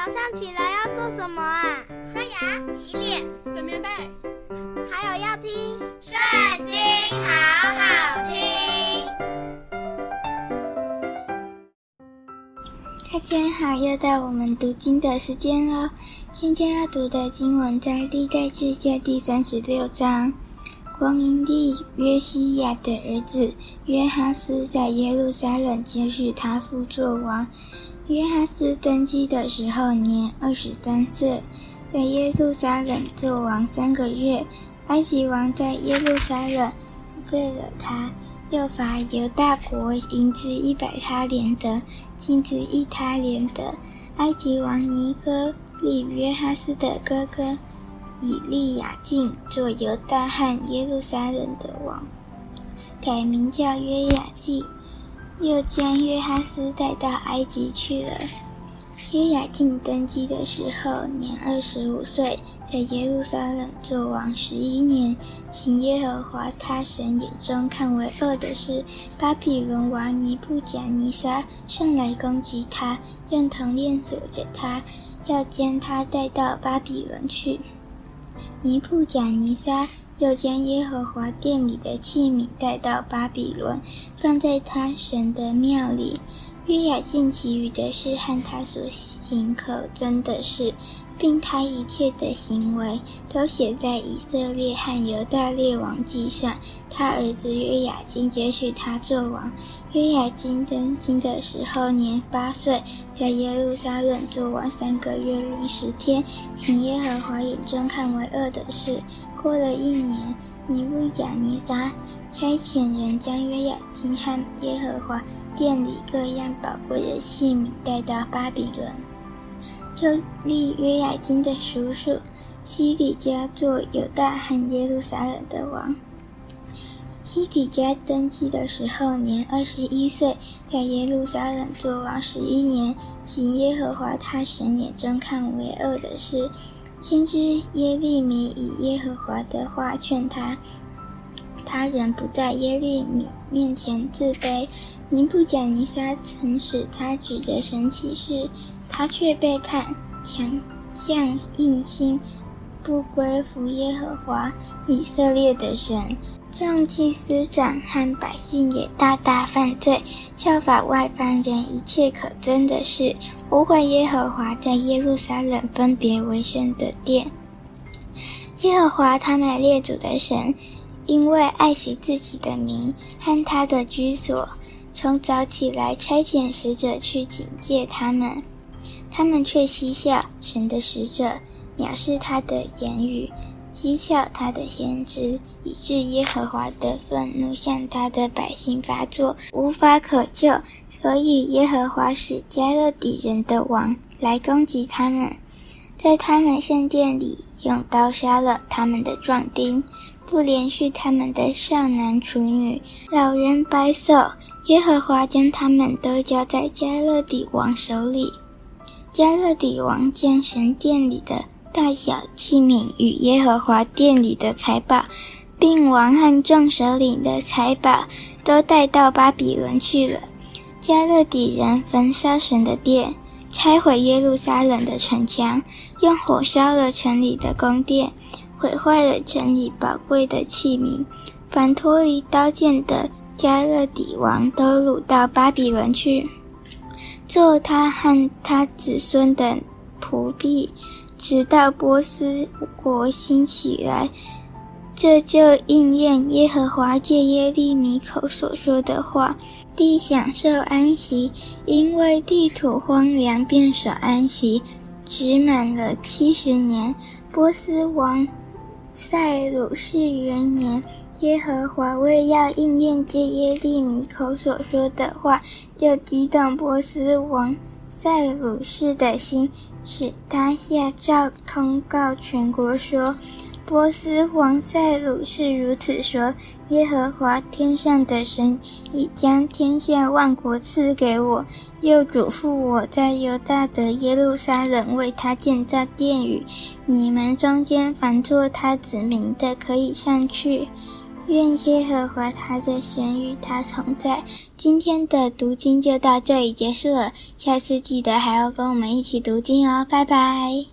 早上起來要做什麼啊？刷牙、洗臉、整棉被，還有要聽《聖經》，好好聽。大家好，又到我們讀經的時間了。今天要讀的經文在《歷代志下》第三十六章。國民立約西亞的兒子約哈斯在耶路撒冷接續他父作王。約哈斯登基的時候年二十三歲，在耶路撒冷作王三個月。埃及王在耶路撒冷廢了他，又罰猶大國銀子一百他連得，金子一他連得。埃及王尼哥立約哈斯的哥哥。以利雅敬作猶大和耶路撒冷的王，改名叫約雅敬，又將約哈斯帶到埃及去了。約雅敬登基的時候年二十五歲，在耶路撒冷做王十一年，行耶和華他神眼中看為惡的事。巴比倫王尼布甲尼撒上來攻擊他，用銅鏈鎖着他，要將他帶到巴比倫去。尼布甲尼撒又將耶和華殿裡的器皿帶到巴比倫，放在他神的廟裡。約雅敬其餘的事和他所行可憎的事，並他一切的行為都寫在以色列和猶大列王紀上。他兒子約雅斤接續他做王。約雅斤登基的時候年八歲，在耶路撒冷做王三個月零十天，行耶和華眼中看為惡的事。過了一年，尼布甲尼撒差遣人將約雅斤和耶和華殿裡各樣寶貴的器皿帶到巴比倫。就立約雅斤的叔叔西底家作猶大和耶路撒冷的王。西底家登基的時候年二十一歲，在耶路撒冷作王十一年，行耶和華他神眼中看為惡的事。先知耶利米以耶和華的話勸他，他仍不在耶利米面前自卑。尼布甲尼撒曾使他指着神起誓。他卻背叛，強項硬心，不歸服耶和華以色列的神。眾祭司長和百姓也大大犯罪，效法外邦人一切可憎的事，污穢耶和華在耶路撒冷分別為聖的殿。耶和華他們列祖的神，因為愛惜自己的民和他的居所，從早起來差遣使者去警戒他們。他們卻嘻笑神的使者，藐視他的言語，譏笑他的先知，以致耶和華的憤怒向他的百姓發作，無法可救。所以耶和華使迦勒底人的王來攻擊他們，在他們聖殿裡用刀殺了他們的壯丁，不憐恤他們的少男處女、老人白叟。耶和華將他們都交在迦勒底王手裡。迦勒底王將神殿裡的大小器皿與耶和華殿裡的財寶，並王和眾首領的財寶，都帶到巴比倫去了。迦勒底人焚燒神的殿，拆毀耶路撒冷的城牆，用火燒了城裡的宮殿，毀壞了城裡寶貴的器皿，凡脫離刀劍的迦勒底王，都擄到巴比倫去。作他和他子孫的僕婢，直到波斯國興起來，這就應驗耶和華借耶利米口所說的話：“地享受安息，因為地土荒涼，便守安息，直滿了七十年。”波斯王塞魯士元年。耶和華為要應驗藉耶利米口所說的話，又激動波斯王塞魯士的心，使他下詔通告全國說：“波斯王塞魯士如此說：耶和華天上的神已將天下萬國賜給我，又囑咐我在猶大的耶路撒冷為他建造殿宇。你們中間凡作他子民的，可以上去。”願耶和華他的神與他同在。今天的讀經就到這裡結束了，下次記得還要跟我們一起讀經哦，拜拜。